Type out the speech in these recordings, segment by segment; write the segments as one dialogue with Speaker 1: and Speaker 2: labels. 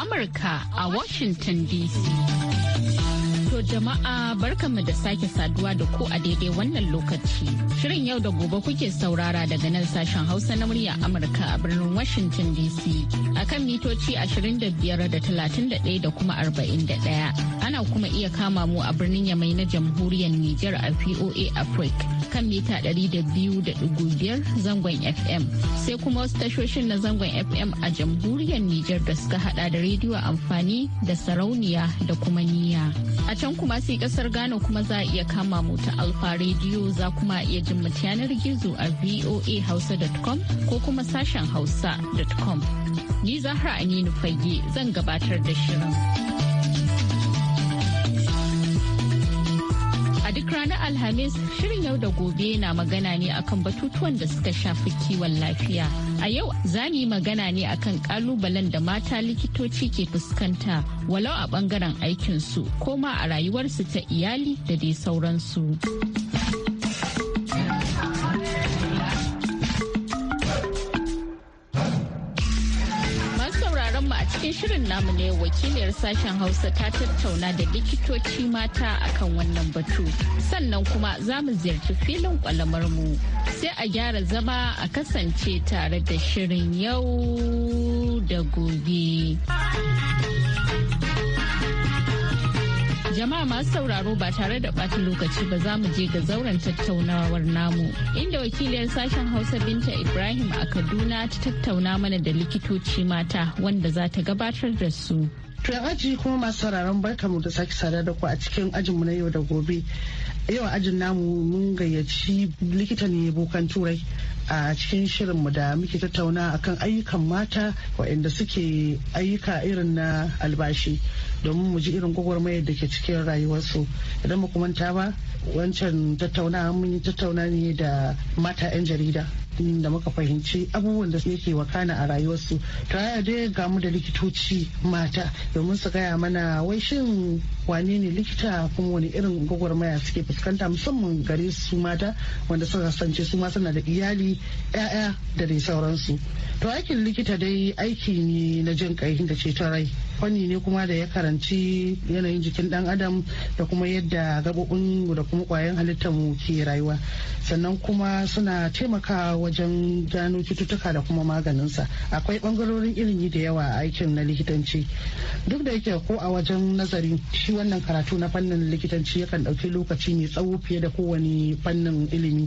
Speaker 1: Amurka a Washington DC. To jama'a barkanmu da sake saduwa da ku a daidai wannan lokaci. Shirin yau da gobe kuke saurara daga nan sashen Hausa na murya Amurka a birnin Washington DC. Akan mitoci 25 da 31 da kuma 41. Ana kuma iya kama mu a birnin Yamai na jamhuriyar Nijar a VOA Africa kan mita 200.5 zangon FM. Sai kuma wasu tashoshin na zangon FM a jamhuriyar Nijar da suka hada da rediyo amfani da sarauniya da kuma niya. A can kuma sai kasar Ghana kuma za a iya kama mu ta Alfa rediyo za kuma iya jin yanar gizo a voahausa.com ko kuma sashen hausa.com. Ni Zahra Aminu Fage zan gabatar da shirin. Alhamis shirin yau da gobe na magana ne akan batutuwan da suka shafi kiwon lafiya. A yau za mu yi magana ne akan kalubalen da mata likitoci ke fuskanta walau a bangaren aikinsu ko ma a rayuwarsu ta iyali da dai sauransu. shirin namu ne wakiliyar sashen Hausa ta tattauna da likitoci mata akan wannan batu. Sannan kuma za mu ziyarci filin kwalamar mu sai a gyara zama a kasance tare da shirin yau da gobe. Jama'a masu sauraro ba tare da ɓata lokaci ba za mu je ga zauren tattaunawar namu. Inda wakiliyar sashen Hausa Binta Ibrahim a Kaduna ta tattauna mana da likitoci mata wanda za ta gabatar da su.
Speaker 2: To aji kuma masu sauraron mu da sake sada da ku a cikin ajinmu na yau da gobe. Yau ajin namu mun gayyaci likita ne bokan turai a cikin shirinmu da muke tattauna akan ayyukan mata waɗanda suke ayyuka irin na albashi. domin mu ji irin gwagwarmayar da ke cikin rayuwarsu idan mu manta ba wancan tattaunawa mun yi tattauna ne da mata 'yan jarida da muka fahimci abubuwan da yake wakana a rayuwarsu tare da gamu da likitoci mata domin su gaya mana wai shin wane ne likita kuma wani irin gwagwarmaya suke fuskanta musamman gare su mata wanda suka kasance su ma suna da iyali 'ya'ya da dai sauransu to aikin likita dai aiki ne na jin kai da ceton rai fanni ne kuma da ya karanci yanayin jikin dan adam da kuma yadda gabobin mu da kuma kwayan halittar mu ke rayuwa sannan kuma suna taimaka wajen gano cututtuka da kuma maganinsa akwai bangarorin ilimi da yawa aikin na likitanci duk da yake ko a wajen nazari shi wannan karatu na fannin likitanci yakan ɗauki lokaci mai tsawo fiye da kowane fannin ilimi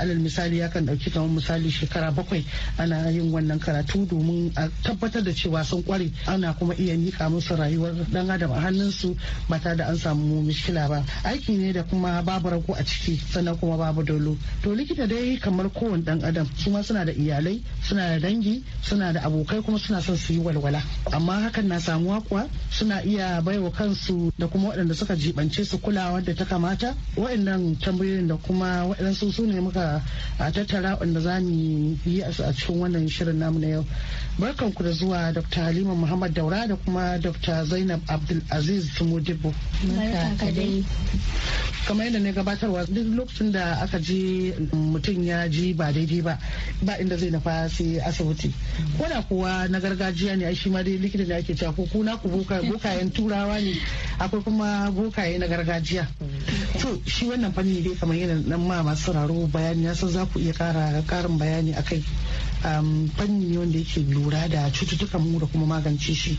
Speaker 2: alal misali yakan ɗauki kamar misali shekara bakwai ana yin wannan karatu domin a tabbatar da cewa sun kware ana kuma iya mika musu rayuwar dan adam a hannunsu ba ta da an samu mishkila ba aiki ne da kuma babu rako a ciki sannan kuma babu dolo to likita dai kamar kowane dan adam su ma suna da iyalai suna da dangi suna da abokai kuma suna son su yi walwala amma hakan na samuwa kuwa suna iya baiwa kansu da kuma waɗanda suka jibance su kulawa da ta kamata waɗannan tambayoyin da kuma waɗansu su ne muka tattara waɗanda za mu yi a cikin wannan shirin namu na yau barkanku da zuwa dr halima muhammad daura da kuma dr zainab abdulaziz tumudibu kamar yadda na gabatarwa duk lokacin da aka ji mutum ya ji ba daidai ba ba inda zai nafa sai asibiti ko da kuwa na gargajiya ne shi ma dai likita da ake cewa ko kuna ku bokayen turawa ne akwai kuma bokaye na gargajiya to shi wannan fanni dai kamar yadda nan ma masu sauraro bayani ya san za ku iya kara karin bayani akai Um, fanni ne wanda yake lura da cututtukan mu da kuma magance shi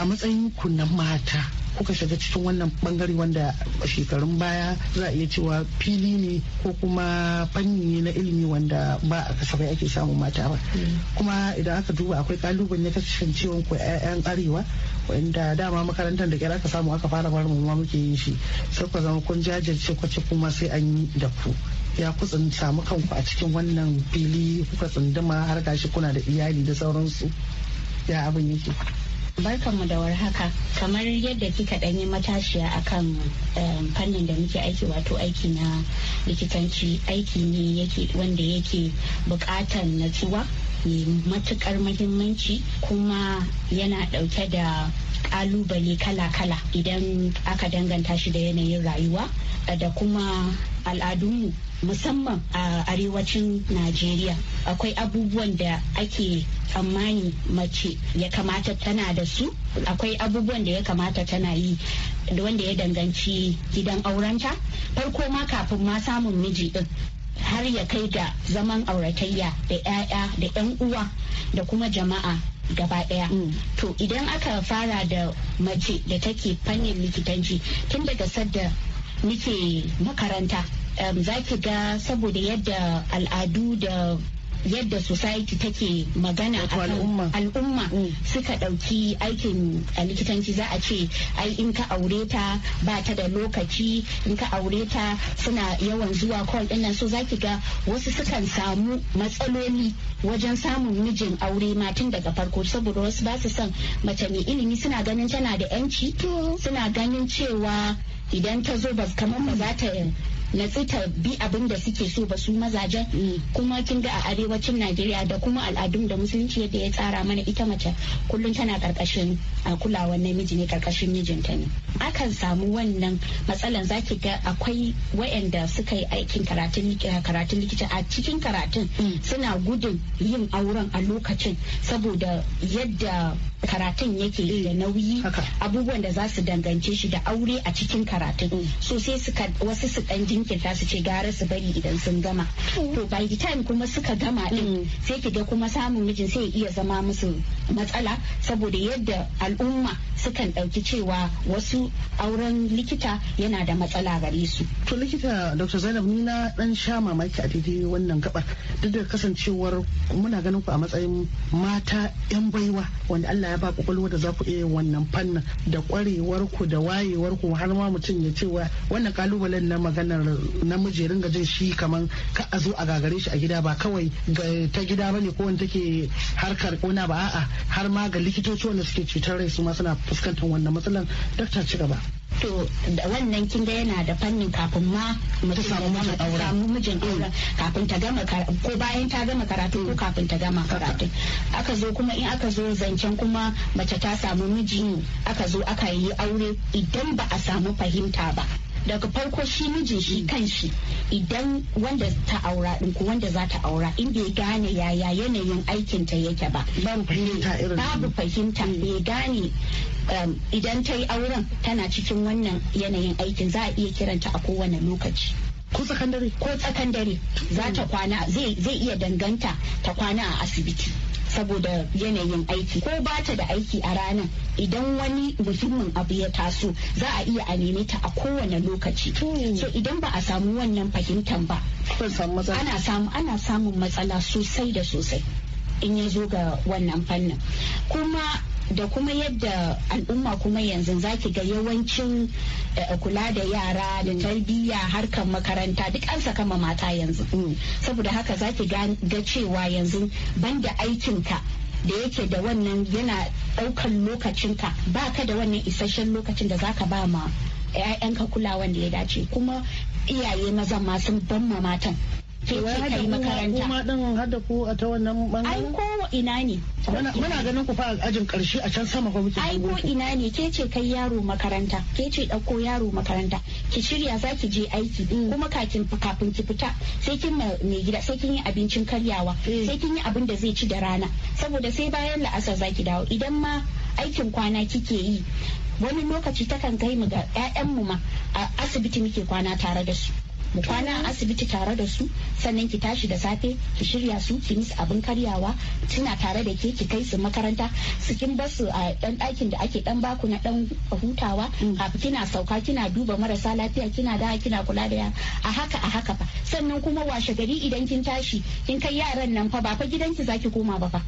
Speaker 2: a matsayin ku na mata kuka shiga cikin wannan bangare wanda shekarun baya za a iya cewa fili ne ko kuma fanni ne na ilimi wanda ba a kasafai ake samun mata ba mm. kuma idan aka duba akwai kalubale na ciwon ku 'ya'yan arewa wanda dama makarantar da kira aka samu aka fara barin mu ma muke yin shi sai ku zama kun jajirce kwace kuma sai an yi da ku ya kusanta samu kanku a cikin wannan fili kuka tsunduma har gashi kuna da iyali da sauransu ya abin yake
Speaker 3: barkanmu da warhaka kamar yadda kika ɗanyi matashiya akan eh, fannin da muke aiki wato aiki na likitanci aiki ne yake wanda yake buƙatan natsuwa mai matukar muhimmanci kuma yana ɗauke da ƙalubale kala-kala idan aka danganta shi da yanayin rayuwa eh, da kuma al'adunmu musamman a arewacin najeriya akwai abubuwan da ake tsammani mace ya kamata tana da su akwai abubuwan da ya kamata tana yi da wanda ya danganci gidan aurenta farko ma kafin ma samun miji din har ya kai ga zaman auratayya da 'ya'ya da 'yan uwa da kuma jama'a gaba daya mm. to idan aka fara da mace da take fannin likitanci tun daga sadda muke makaranta Um, za ki ga saboda yadda al'adu da yadda society take magana al'umma al'umma mm. suka ɗauki aikin likitanci za a ce ai in ka aure ta ba ta da lokaci in ka aure ta suna yawan zuwa call din nan so zaki ga wasu sukan samu matsaloli wajen samun mijin aure tun daga farko saboda wasu ba su son mace mai ilimi suna ganin tana da yanci suna ganin cewa idan ta zo ba kamar ba za ta na ta bi abin da suke so ba su mazajen mm. kuma kin ga a arewacin najeriya da kuma al'adun da musulunci yadda ya tsara mana ita mace kullum tana karkashin kulawar namiji ne karkashin mijinta ne akan samu wannan matsalan zaki ga akwai wayanda suka yi aikin karatun karatun likita a cikin karatun mm. suna gudun yin auren a lokacin saboda yadda karatun yake da mm. nauyi abubuwan da za su dangance shi da aure a cikin karatun so sai wasu su dan jinkirta su ce gara su bari idan sun gama to by the time kuma suka gama din mm. sai ki ga kuma samun mijin sai iya zama musu matsala saboda yadda al'umma sukan ɗauki cewa
Speaker 2: wasu auren likita yana da matsala gare su to likita dr zainab ni na dan sha mamaki a daidai wannan gabar duk da kasancewar muna ganin ku a matsayin mata yan baiwa wanda Allah ya ba kwakwalwa da za ku iya wannan fannin da kwarewar ku da wayewar ku har ma mutum ya cewa wannan kalubalen na maganar namiji ringa jin shi kaman ka a zo a gagare shi a gida ba kawai ta gida ba ne ko wanda take harkar kona ba a'a har ma ga likitoci wanda suke cutar rai su ma suna fuskantar wannan matsalan dakta ci gaba to da wannan kin ga yana da fannin kafin ma ta samu
Speaker 3: mijin aure kafin ta gama ko bayan ta gama karatu ko kafin ta gama karatu aka zo kuma in aka zo zancen kuma mace ta samu miji aka zo aka yi aure idan ba a samu fahimta ba daga farko shi mijin shi kan shi idan wanda ta aura din ko wanda za ta aura in bai gane yaya yanayin aikin ta yake ba babu fahimta irin mm. bai gane um, idan ta yi auren tana cikin wannan yanayin aikin za a iya kiranta a kowane lokaci ko sakandare ko sakandare za ta mm. kwana zai iya danganta ta kwana a asibiti saboda yanayin aiki ko ba ta da aiki a ranar idan wani muhimmin abu ya taso za a iya a neme ta a kowane lokaci so idan ba a samu wannan fahimtar ba ana samun matsala sosai da sosai in ya zo ga wannan fannin kuma da kuma yadda al'umma kuma yanzu zaki ga yawancin eh, kula da yara da mm. tarbiyya harkar makaranta duk an saka ma mata yanzu mm. saboda haka zaki ga cewa yanzu banda aikinka da yake da wannan yana daukan lokacinka ba ka da wannan isasshen lokacin da zaka ba ma 'ya'yanka kulawan da ya dace kuma iyaye mazan masu sun ban matan to wai makaranta kuma hada a ta wannan bangaren ai ko ina
Speaker 2: ne muna ganin ku fa ajin karshe a can sama ko muke ai
Speaker 3: ko ina ne ke ce kai yaro makaranta ke ce dauko yaro makaranta ki shirya zaki je aiki mm. kuma kafin kafin ki fita sai kin mai gida sai kin yi abincin karyawa mm. sai kin yi abin da zai ci da rana saboda sai bayan la'asar zaki dawo idan ma aikin kwana kike yi wani lokaci takan kai mu ga 'ya'yanmu ma a asibiti muke kwana tare da su mu kwana a asibiti tare da su sannan ki tashi da safe ki shirya su ki musu abin karyawa tuna tare da ke ki kai su makaranta su kin ba su a dan ɗakin da ake dan baku na dan hutawa mm. kina sauka kina duba marasa lafiya kina da kina kula da a haka a haka fa sannan kuma washe gari idan kin tashi kin kai yaran nan fa ba fa gidanki zaki koma ba fa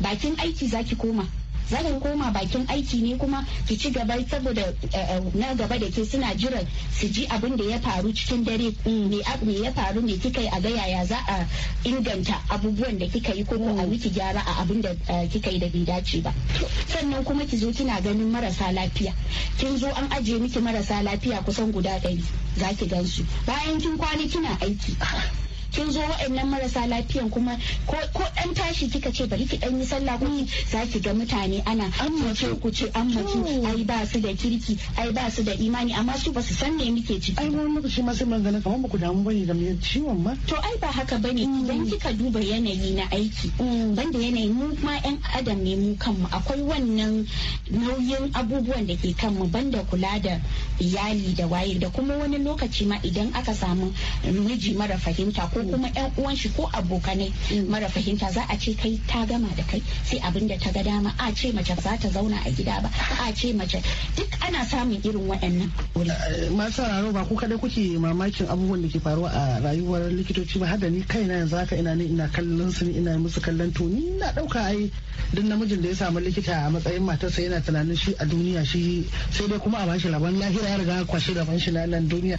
Speaker 3: bakin aiki zaki koma za koma bakin aiki ne kuma ki ci gaba saboda eh, eh, na gaba da ke suna jiran su ji abin da ya faru cikin dare mm. me ya faru ne kika yi a ga yaya za a inganta abubuwan da kika yi ko a mm. miki gyara a abin da eh, kika yi da bai dace ba sannan kuma ki zo kina ganin marasa lafiya kin zo an ajiye miki marasa lafiya kusan guda ɗari za ki gansu bayan kin kwana kina aiki kin zo wa'annan marasa lafiyan kuma ko ɗan tashi kika ce bari ki yi sallah ko za ki ga mutane ana amince ku ce amince ai ba su da kirki ai ba su da imani amma su ba su san me muke ciki ai wani lokaci ma sai magana kamar ba ku damu bane da me ciwon ma to ai ba haka bane mm. idan kika duba yanayi na aiki mm. banda yanayi mu ma yan adam ne mu kanmu akwai wannan nauyin abubuwan da ke kanmu banda kula da iyali da waye da kuma wani lokaci ma idan aka samu miji mara fahimta ko kuma yan uwan shi ko abokanai mm. mara fahimta za a ce kai ta gama da kai sai abin da ta ga dama a ce mace za ta zauna a gida ba a ce mace duk ana samun irin waɗannan
Speaker 2: masu sauraro ba ku kadai kuke mamakin abubuwan da ke faruwa a rayuwar likitoci ba hada ni na yanzu haka ina ne ina kallon su ina musu kallon to ni na ɗauka ai duk namijin da ya samu likita a matsayin matarsa yana tunanin shi a duniya shi sai dai kuma a bashi laban lahira ya riga kwashe gaban shi na nan duniya.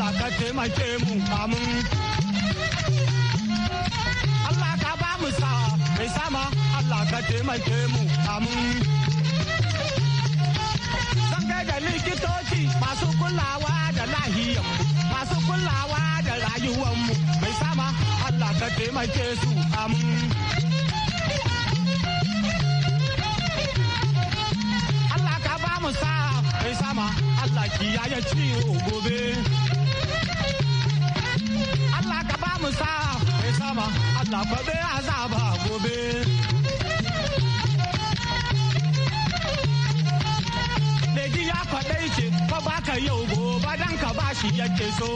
Speaker 4: Allah ka taimake mu amin Allah ka ba mu sa mai sama Allah ka taimake mu zan kai da likitoci masu kulawa da lahiyar masu kulawa da mu. mai sama Allah ka taimake su amin Allah ka ba mu sa mai sama Allah kiyaye ciwo gobe. mu sa mai sama Allah kwabe azaba gobe. Leji ya faɗai ce fa baka yau gobe dan ka bashi yake so.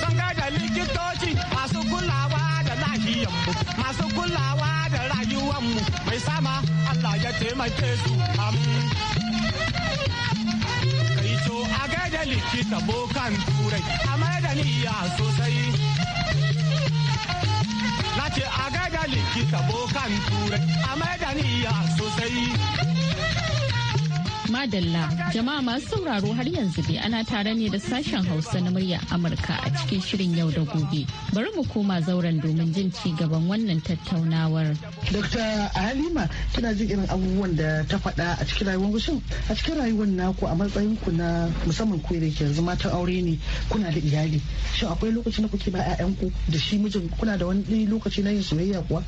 Speaker 4: Sun da likitoci masu kulawa da lahiyanmu masu kulawa da rayuwanmu mai sama Allah ya taimake su amin. likita bokan turai niyya sosai na ce a gaida likita bokan turai a mai da sosai
Speaker 1: madalla jama'a masu sauraro har yanzu dai ana tare ne da sashen hausa na murya amurka a cikin shirin yau da gobe bari mu koma zauren domin jin ci gaban wannan tattaunawar
Speaker 2: dr halima kina jin irin abubuwan da ta faɗa a cikin rayuwar gushin a cikin rayuwar naku a matsayin ku na musamman ku da ke yanzu matan aure ne kuna da iyali shin akwai lokaci na kuke ba ƴaƴan ku da shi mijin kuna da wani lokaci na yin soyayya kuwa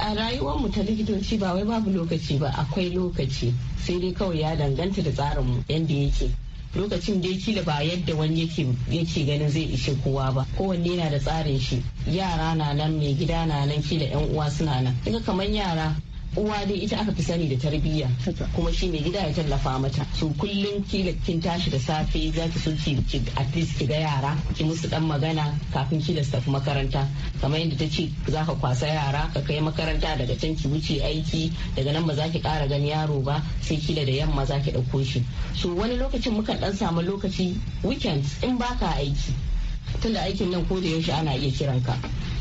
Speaker 2: a rayuwar mu ta likitoci
Speaker 5: ba wai babu lokaci ba akwai lokaci sai dai kawai ya danganta bambanta da tsarin yadda yake lokacin da kila ba yadda wani yake yake ganin zai ishe kowa ba kowanne yana da tsarin shi yara na nan mai gida na nan kila yan uwa suna nan kamar yara uwa dai ita aka fi sani da tarbiyya kuma shi mai gida ya tallafa mata su kullum kila kin tashi da safe za ki so ki ki ga yara ki musu dan magana kafin kila su tafi makaranta kamar yadda ta ce za ka kwasa yara ka kai makaranta daga can ki wuce aiki daga nan ba za ki kara gani yaro ba sai kila da yamma za ki ɗauko shi so wani lokacin mukan dan samu lokaci weekends in baka aiki tunda aikin nan ko da yaushe ana iya kiran ka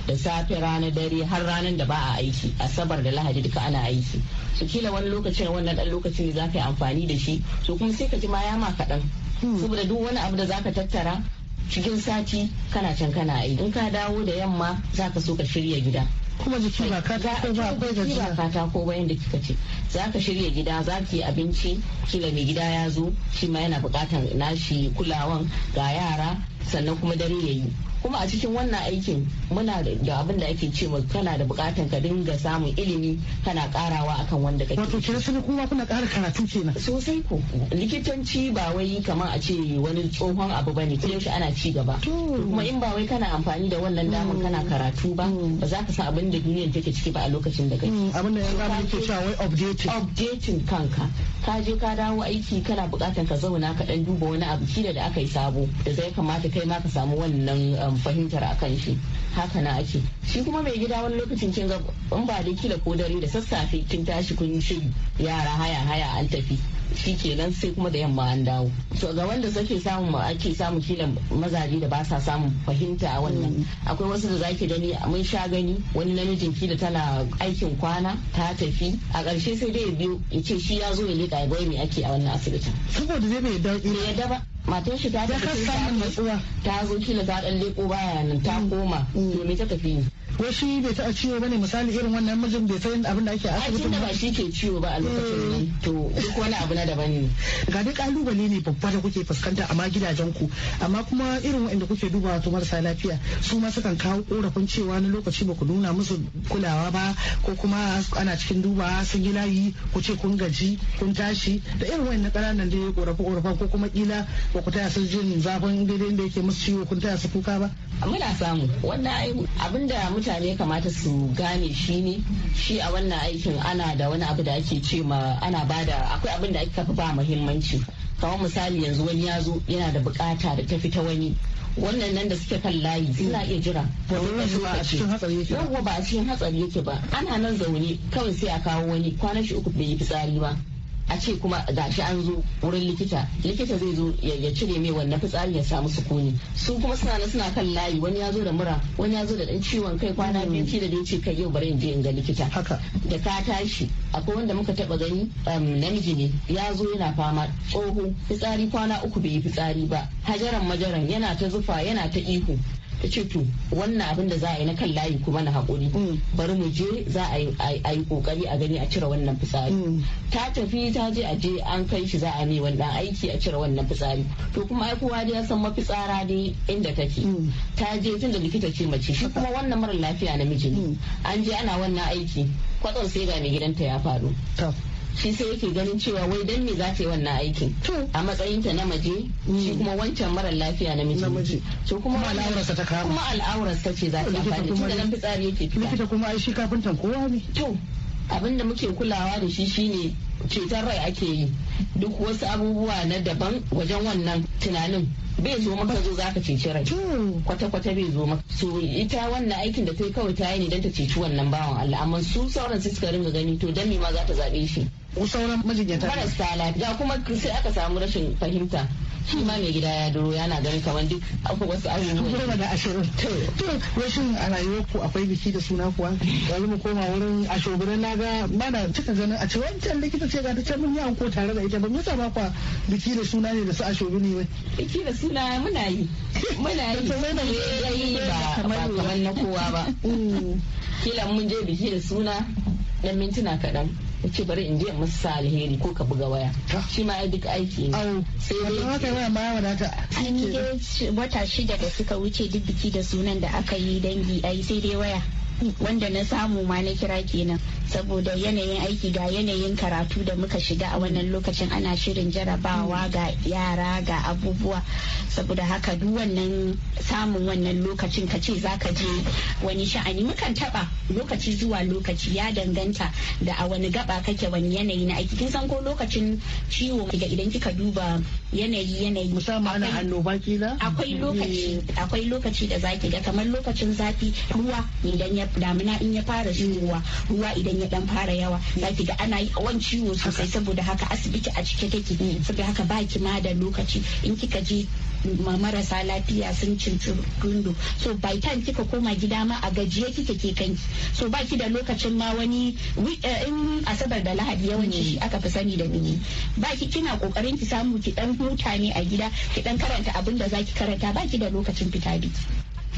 Speaker 5: da safe ranar dare har ranar da ba a aiki asabar da lahadi duka ana aiki su kila wani lokacin wannan dan lokacin da za ka yi amfani da shi to kuma sai ka ji ma ya ma kaɗan hmm. saboda duk wani abu da zaka tattara cikin sati kana can kana aiki in ka dawo da yamma za ka so ka shirya gida kuma jiki ba katako ba da jiki ba ko ba yanda kika ce za ka shirya gida za ki abinci kila mai gida ya zo shi ma yana bukatar nashi kulawan ga yara sannan kuma dare yayi kuma a cikin wannan aikin muna da abin da ake ce kana da bukatan ka dinga samun ilimi kana karawa akan wanda kake wato
Speaker 6: kira sai kuma kuna ƙara karatu kenan sosai ko likitanci ba wai
Speaker 5: kamar a ce wani tsohon abu bane kidan shi ana ci gaba kuma in ba wai kana amfani da wannan daman kana mm. karatu ba ba za ka san abin da duniyar take ciki ba a lokacin da kake mm, abin da ya ga yake cewa wai updating updating kanka ka je ka dawo aiki kana bukatan ka zauna ka dan duba wani abu shi da aka yi sabo da zai kamata kai ma ka samu wannan um, fahimtar akan shi haka na ake shi kuma mai gida wani lokacin kin ga in ba da kila ko dare da sassafe kin tashi kun shiri yara haya haya an tafi shi nan sai kuma da yamma an dawo to ga wanda suke samu ake samu kila mazaje da ba sa samun fahimta a wannan mm. akwai wasu da zaki gani mun sha gani wani namijin kila tana aikin kwana ta tafi a ƙarshe sai dai biyu ya ce shi ya zo ya leƙa ya bai me ake a wannan asibitin
Speaker 2: saboda zai bai
Speaker 5: yadda ba matar shi ta tafi ta zo kila ta dan leko baya nan ta koma mm. to me ta tafi ni?
Speaker 2: wasu bai taɓa ciwo bane misali irin wannan mijin bai san abin da ake asibiti ba ba shi ke ciwo ba a lokacin eh. nan to duk wani abu na daban ne ga dai kalubale ne babba da kuke fuskanta amma gidajen ku amma kuma irin wanda kuke duba wato marasa lafiya su ma sukan kawo korafin cewa na lokaci ba ku nuna musu kulawa ba ko kuma ana cikin duba sun yi layi ku ce kun gaji kun tashi da irin wannan ƙananan da ya korafi korafin ko kuma kila ba ku taya su jin zafin daidai da yake musu ciwo kun taya su kuka ba muna samu
Speaker 5: wannan da mutane kamata su gane shi ne shi a wannan aikin ana da wani abu da ake ce ma ana bada akwai abin da ake fi ba muhimmanci kamar misali yanzu wani ya zo yana da bukata da ta fita wani wannan nan da suke kan layi suna iya jira yawwa ba a cikin hatsari yake ba ana nan zaune kawai sai a kawo wani kwanan shi uku bai yi fitsari ba a ce kuma gashi an zo wurin likita likita zai zo ya cire mai wannan fitsari ya samu sukuni su kuma suna na suna kan layi wani ya zo da mura wani ya zo da dan ciwon kai kwana hmm. biyu ki da dai ce kai yau bari in je in ga likita haka da ka tashi akwai wanda muka taba gani um, namiji ne ya zo yana fama tsoho fitsari kwana uku bai yi fitsari ba hajaran majaran yana ta zufa yana ta ihu ta ce to wannan abin da za a yi na kan layi kuma na haƙuri mm. bari mu je za a yi ƙoƙari a gani a cire wannan fitsari mm. ta tafi ta je a je an kai shi za a mai wannan aiki a cire wannan fitsari to kuma ai kowa ya san mafitsara ne inda take mm. ta je tun da likita ce mace shi kuma wannan mara lafiya namiji ne an je ana wannan aiki kwatsar sai ga mai gidanta ya faru shi sai yake ganin cewa wai dan me za ta yi wannan aikin a matsayin ta na maje mm. shi kuma wancan mara lafiya na miji to kuma al'aurarsa ta kama kuma al'aurarsa ce za ta amfani da nan fitsari yake fita likita kuma ai shi kafintan kowa ne to abin da muke kulawa da shi shine ceton rai ake yi duk wasu abubuwa na daban wajen wannan tunanin bai zo maka zo zaka ceci rai kwata-kwata bai zo maka so ita wannan aikin da ta kawai ta yi ne don ta ceci wannan bawan al'amman su sauran su suka ringa gani to dan ne ma za ta zabe shi sauran majinyata marasa lafiya kuma sai aka samu rashin fahimta shi ma mai gida ya duro yana ganin kamar duk akwai wasu abubuwa goma
Speaker 2: da ashirin to rashin a rayuwar ku akwai biki da suna kuwa yanzu mu koma wurin a shugaban na ga mana cika ganin a ce wancan likita ce ga ta can mun yi anko tare da ita ba yasa ba kwa biki da suna ne da su a shugaban ne
Speaker 5: biki da suna muna yi muna yi eh, ba kamar na kowa ba mm. kila mun je biki da suna dan mintuna kaɗan in ce bari in je in musu alheri ko ka buga waya shi ma ya duk aiki ne sai dai haka
Speaker 3: waya ma ta. an yi wata shida da suka wuce duk biki da sunan da aka yi dangi ai sai dai waya wanda na samu ma na kira kenan saboda yanayin aiki ga yanayin karatu da muka shiga a wannan lokacin ana shirin jarabawa mm. ga yara ga abubuwa saboda haka duk wannan samun wannan lokacin ka ce zaka je wani sha'ani mukan taba lokaci zuwa lokaci ya danganta da a wani gaba kake wani yanayi na aiki kin san ko lokacin ciwo ga idan kika duba yanayi yanayi musamman ana annoba kila akwai lokaci mm. akwai lokaci da zaki ga kamar lokacin zafi ruwa idan ya damina in ya fara shigowa ruwa idan ya dan fara yawa zaki ga ana yawan ciwo sosai saboda haka asibiti a cike take saboda haka baki ma da lokaci in kika je marasa lafiya sun cinci rundo so by time kika koma gida ma a gajiye kike ke kanki so baki da lokacin ma wani eh, in asabar da lahadi yawanci shi aka fi sani da ba baki kina kokarin ki samu ki dan huta ne a gida ki dan karanta abin da zaki karanta baki da lokacin fita biki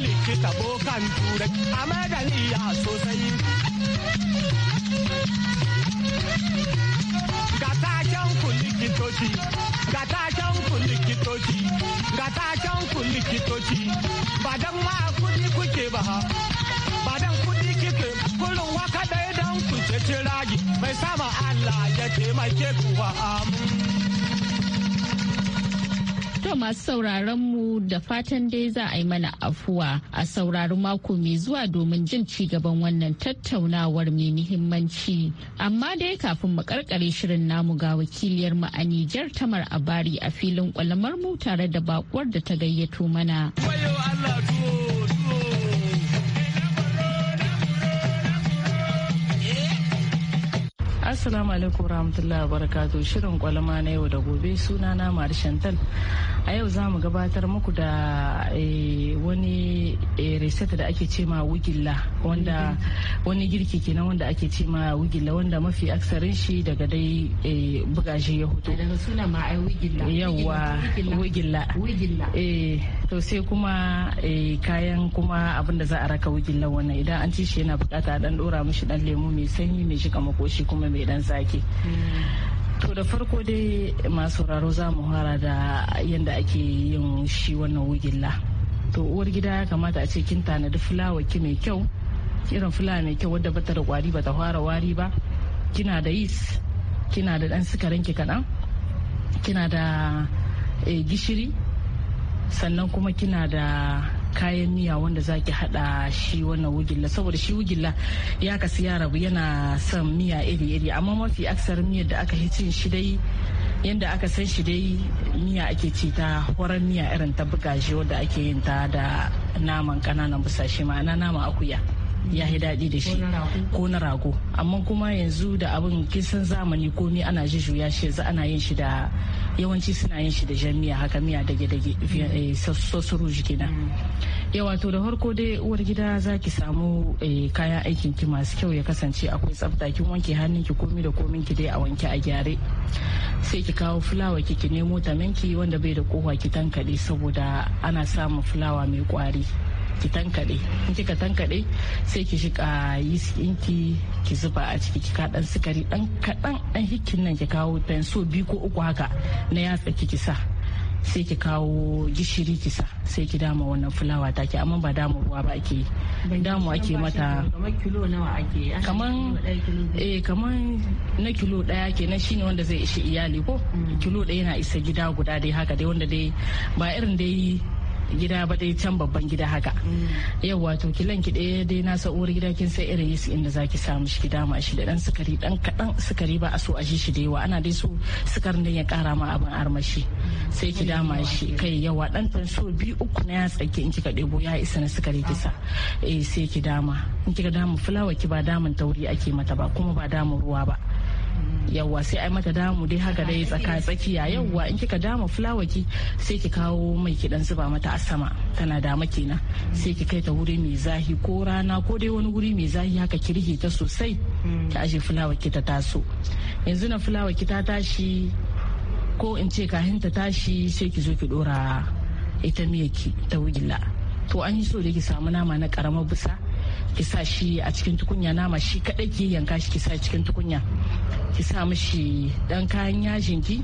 Speaker 4: likita bokan turai a madaniya sosai ga taken ku likitoci ga taken ku likitoci ga taken ku likitoci ba dan ma kudi kuke ba ha ba dan kudi kike kullum waka dai dan ku ce ragi mai sama Allah ya taimake ku wa amin
Speaker 1: To masu sauraron mu da fatan dai za a yi mana afuwa a sauraro mako mai zuwa domin jin ci gaban wannan tattaunawar mai muhimmanci. Amma dai kafin mu karkare shirin namu ga wakiliyar mu a Nijar Tamar Abari a filin kwalamar mu tare da bakuwar da ta gayyato mana.
Speaker 6: Assalamu alaikum warahmatullahi wabarakatuh shirin kwalama na yau da gobe suna na a yau za mu gabatar muku da eh, wani eh, reset da ake ce ma wigilla wanda wani girki kenan wanda ake ce ma wigilla wanda mafi aksarin shi daga dai eh, bugaje ya hoto daga suna ma ai wigilla yawa wigilla wigilla eh to sai kuma kayan kuma abin da za a raka wigilla wannan idan an ci shi yana bukata dan dora mishi dan lemu mai sanyi mai shiga makoshi kuma mai dan zaki hmm. To da farko dai masu sauraro za mu hara da yadda ake yin shi wannan wugilla. To uwar gida ya kamata a ce kin tanadi fulawa ki mai kyau, irin fulawa mai kyau wadda bata da kwari bata fara wari ba. Kina da yis, kina da dan sikarin ki kaɗan, kina da eh, gishiri, sannan kuma kina da kayan miya wanda zaki hada shi wannan wugilla saboda shi wugilla ya kasu ya rabu yana son miya iri-iri amma mafi aksar miyar da aka cin shi dai yadda aka san shi dai miya ake ci ta horon miya irin ta bugaje wadda ake yin ta da naman kananan busashe ma'ana naman akuya ya yi daɗi da shi ko na rago amma kuma yanzu da abin kisan zamani komi ana jujjuya shi yanzu ana yin shi da yawanci suna yin shi da jan miya haka miya dage-dage eh, sosoro kenan yawa to da farko dai uwar gida za ki samu eh, kayan aikin ki masu kyau ya kasance akwai tsafta ki wanke hannun ki komi da komin ki dai a wanke a gyare sai ki kawo fulawa ki ki nemo taminki wanda bai da kowa ki tankade saboda ana samun fulawa mai kwari ki tankaɗe in kika tankaɗe sai ki shiga yeast ɗinki ki zuba a ciki ki kaɗan sukari ɗan kaɗan ɗan hikin nan ki kawo so biyu ko uku haka na yatsa ki sa sai ki kawo gishiri kisa sai ki dama wannan fulawa take amma ba dama ruwa ba ake damu ake mata kaman eh kaman na kilo daya kenan shine wanda zai ishi iyali ko mm. kilo daya na isa gida guda dai haka dai wanda dai ba irin dai gida ba dai can babban gida haka mm. yau wato kilan ki ɗaya dai na sa'uwar gida kin sai irin yasi inda ki samu shi ki dama shi da dan sukari ɗan kaɗan sukari ba a so a ji shi da yawa ana dai so sukarin da ya kara ma abin armashi sai ki dama shi kai yawa ɗan tan so biyu uku na ya tsake in kika ɗebo ya isa na sukari kisa eh sai ki dama in kika dama fulawa ki ba damun tauri ake mata ba kuma ba damun ruwa ba yawwa sai ai mata damu dai haka dai tsaka tsakiya yawwa in kika dama fulawa ki sai ki kawo mai ki dan zuba mata a sama tana dama kenan sai ki kai ta wuri mai zahi ko rana ko dai wani wuri mai zahi haka ki rihe ta sosai ki aje fulawa ki ta taso yanzu na fulawa ki ta tashi ko in ce kahin ta tashi sai ki zo ki dora ita miyaki ta wugila. to an yi so da ki samu nama na karamar busa ki sa shi a cikin tukunya nama shi kadai ki yanka shi ki sa cikin tukunya ki sa mishi dan kayan yajin ki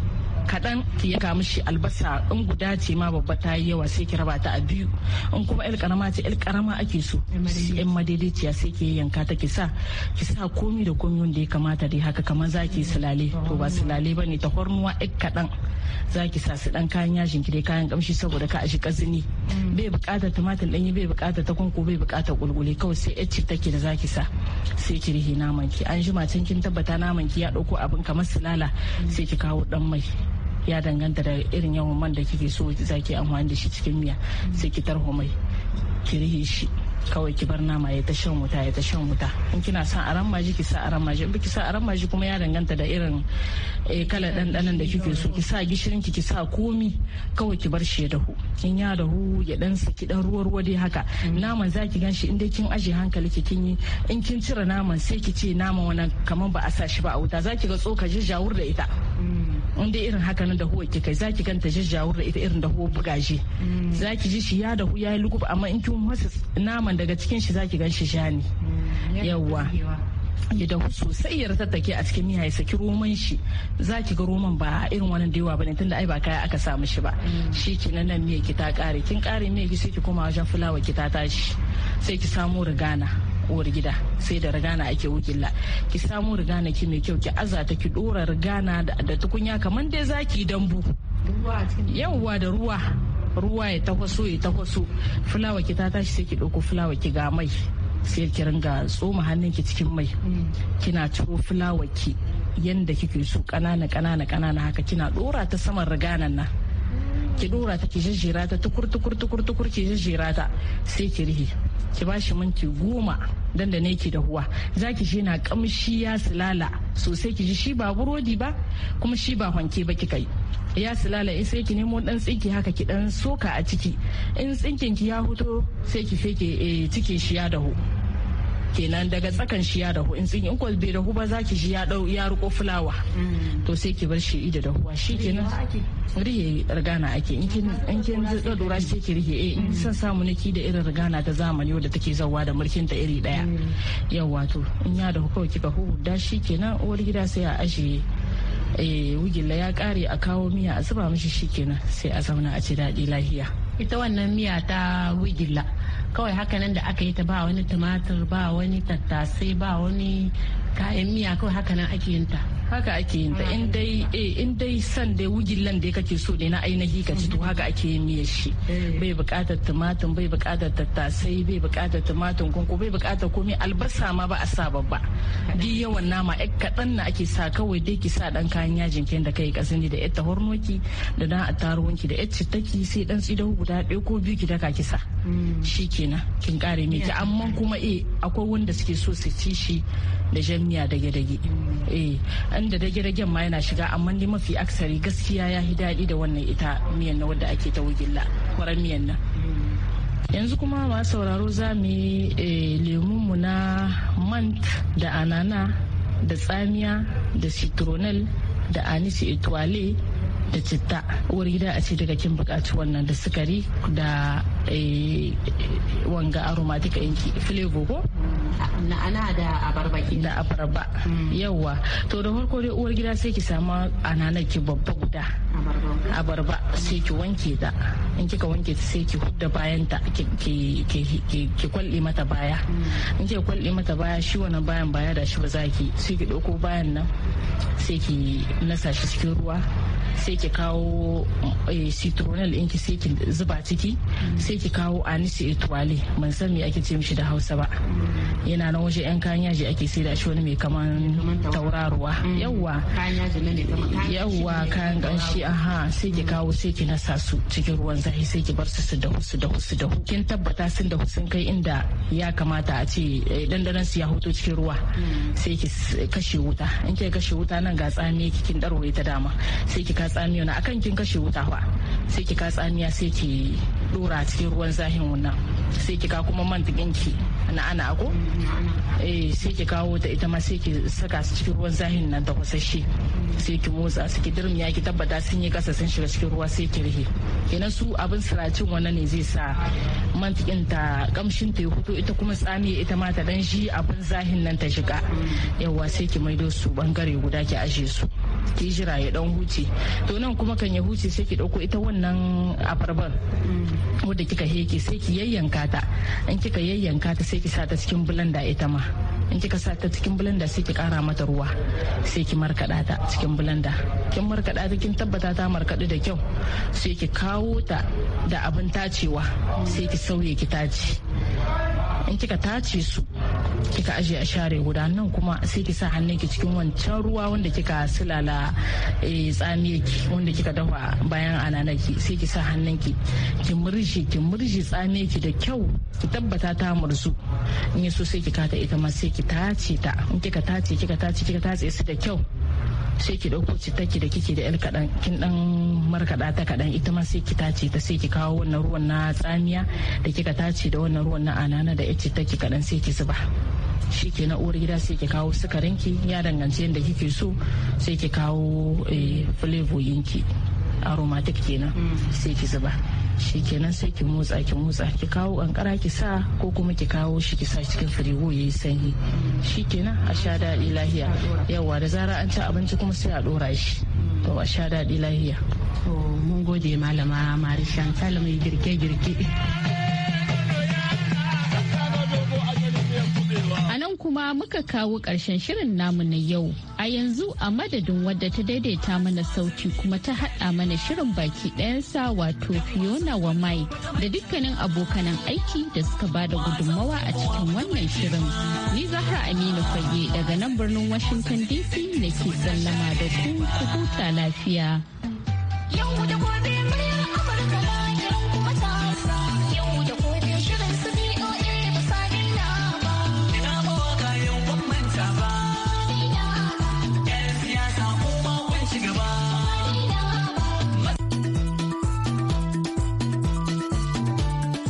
Speaker 6: kaɗan ki yanka mishi albasa in guda ce ma babba ta yi yawa sai ki raba ta a biyu in kuma yar karama ce yar karama ake so yan madaidaiciya sai ki yanka ta ki sa ki sa komi da komi wanda ya kamata dai haka kamar zaki sulale to ba silale ba ne ta hormuwa ik kaɗan za ki sa su dan kayan yajin ki dai kayan kamshi saboda ka a shi kazini mm. bai bukatar tumatir danyi bai bukatar takunku bai bukatar kulkuli kawai sai yacci take da zaki sa sai ki rihe naman ki an jima can kin tabbata naman ki ya dauko abin kamar sulala mm. sai ki kawo dan mai ya danganta da irin yawan man da kike so zaki amfani da shi cikin miya mm. sai ki tarho mai ki rihe shi kawai ki bar nama ya ta shan wuta ya ta shan wuta in kina son aran maji ki sa aran maji ki sa aran maji kuma ya danganta da irin eh, kala dandanan da kike so ki sa gishirin ki ki sa komi kawai ki bar shi ya dahu in ya dahu ya dan saki dan ruwa ruwa dai haka mm. naman zaki ganshi in dai kin aje hankali ki kin yi in kin cire naman sai ki ce naman wannan kaman ba a sa shi ba a wuta zaki ga tsoka jajjawur da ita mm. dai irin haka nan da huwa ki kai zaki ganta jajjawur da ita irin da huwa bugaje zaki ji shi ya da huwa yayi lugub amma in kin wasu naman daga cikin shi zaki gan shi ja mm, yawwa ya dahu sosai ya ratattake a cikin miya ya saki roman shi zaki ga roman ba irin wani da yawa bane tunda ai ba kaya aka samu mm. shi ba shi ki nan nan miya ki ta kare kin kare miya ki sai ki koma wajen fulawa ki ta tashi sai ki samu rigana uwar gida sai da rigana ake wukilla ki samu rigana ki mai kyau ki azata ki dora rigana da tukunya kamar dai zaki dambu yauwa da ruwa ruwa ya tafaso ya tafaso fulawa ki ta tashi sai ki ɗauko fulawa ki ga mai sai ki ringa tsoma hannun ki cikin mai mm. kina ciro fulawa ki yanda kike so kanana kanana kanana haka kina dora ta saman riganan nan ki dora ta ki jejjera ta tukur tukur tukur tukur ki jejjera ta sai ki rihi ki ba bashi minti goma dan da ne ki huwa za ki shi na kamshi ya silala sosai ki ji shi ba burodi ba kuma shi ba hanke ba ki kai ya silala in sai ki nemo dan tsinki haka ki dan soka a ciki in tsinkin ki ya huto sai ki feke eh, cike shi ya dahu kenan daga tsakan shi ya dahu in tsin kwal bai dahu ba za ki shi ya dau ya riko fulawa mm. to sai ki bar shi da dahuwa kenan rihe rigana ake in kin dora shi ki rihe eh in san samu niki da irin rigana ta zamani wadda take zawa da mulkin ta iri daya mm. yawa to in ya dahu kawai ki dahu. da kenan uwar gida sai a ajiye eh, wugilla ya kare a kawo miya a zuba mishi kenan sai a zauna a ci daɗi lahiya ita wannan miya ta wigila. kawai hakanan da aka yi ta ba wani tumatir ba wani tattasai ba wani kayan miya kawai hakanan ake yin ta haka ake yin ta in dai eh, san dai wujillan da kake so ne na ainihi ka ci to haka ake yin miyar shi eh. bai bukatar tumatun bai bukatar tattasai bai bukatar tumatun kunku bai bukatar komai albasa ma ba a sa babba di yawan nama ɗan kaɗan na ake sa kawai dai ki sa ɗan kayan yajin kin da kai ne da ita hornoki da dan attarugunki da ita ki sai dan tsidau guda ɗaya ko biyu ki daka kisa. sa hmm. shikenan kin kare miki amma kuma eh akwai wanda suke so su ci shi da jan miya dage-dage hmm. eh, inda dage dagen ma yana shiga amma ni mafi aksari gaskiya ya yi daɗi da wannan ita miyan na wadda ake ta wugilla kwarar miyan nan yanzu kuma ma sauraro za mu yi eh, mu na mant da anana da tsamiya da citronel da anisi etoile da citta uwar gida a ce daga kin bukaci wannan da sukari da eh, wanga aromatic inki flavor ko ana da abarba ke da abarba hmm. yawa to da farko dai uwar gida sai ki samu ananar ki babba guda abarba sai ki wanke ta in kika wanke ta sai ki hudda bayan ta ki kwalli mata baya hmm. in kika kwalli mata baya shi wannan bayan baya da shi ba za ki sai ki dauko bayan nan sai ki nasa shi cikin ruwa sai ki kawo eh, citronel ɗin ki sai ki zuba ciki sai ki kawo anise etuwale ban san me ake ce mishi da hausa ba yana nan waje yan kayan yaji ake sai da shi wani mai kaman tauraruwa yawwa yawwa kayan ganshi aha sai ki kawo sai ki nasa su cikin ruwan zafi sai ki bar su su dahu su dahu su dahu kin tabbata sun dahu sun kai inda ya kamata a ce dandanan eh, su ya hoto cikin ruwa hmm. sai ki kashe wuta in kai kashe wuta wuta nan ga tsamiya kikin darwaye ta dama sai ki ka tsamiya na akan kin kashe wuta fa sai ki ka tsamiya sai ki dora cikin ruwan zahin wannan sai ki kawo kuma man ɗinki na ana ako eh sai ki kawo ta ita ma sai ki saka su cikin ruwan zahin nan ta kwasashe sai ki motsa su ki dirmiya ki tabbata sun yi kasa sun shiga cikin ruwa sai ki rihe kenan su abin siracin wannan ne zai sa man ta kamshin ta ya fito ita kuma tsami ita ma ta dan shi abin zahin nan ta shiga yawa sai ki maido su bangare guda ki ajiye su ki ya dan huce to nan kuma kan ya huce sai ki dauko ita wannan abarbar. Mm. wadda kika heke sai ki yayyanka ta in kika yayyanka ta sai ki sa ta cikin blender ita ma in kika sa ta cikin blender sai ki kara mata ruwa sai ki markada ta cikin blender kin markada ta kin tabbata ta markadu da kyau sai ki kawo ta da abin tacewa mm. sai ki sauye ki tace in kika tace su kika ajiye a share guda nan kuma sai ki sa hannun ki cikin wancan ruwa wanda kika silala eh, tsamiyar ki wanda kika dafa bayan ananaki sai ki sa hannun ki ki murje ki murje tsamiyar da kyau ki tabbata ta murzu in so sai ki kata ita ma sai ki tace ta in kika tace kika tace kika tace su da kyau sai ki ɗauko citaki da kike da yar kaɗan kin ɗan markaɗa ta kaɗan ita ma sai ki tace ta sai ki kawo wannan ruwan na tsamiya da kika tace da wannan ruwan na anana da yar citaki kaɗan sai ki zuba shi ke na uwar gida sai ki kawo sukarinki ya danganci yadda kike so sai ki kawo eh, flavor yinki aromatic kenan mm. sai ki zuba shi kenan sai ki motsa ki motsa ki kawo kankara ki sa ko kuma ki kawo shi ki sa cikin firigo yayi sanyi shikenan a sha daɗi lahiya yawa da zara an ci abinci kuma sai a dora shi to a sha daɗi lahiya
Speaker 1: mun gode malama marishan salama girke girke muka kawo ƙarshen shirin namu na yau. A yanzu a madadin wadda ta daidaita mana sauti kuma ta haɗa mana shirin baki ɗayansa wato Fiona wa Mai da dukkanin abokanan aiki da suka ba da gudunmawa a cikin wannan shirin. Ni Zahra Aminu Fage daga nan birnin Washington DC ke sallama da ku ku huta lafiya.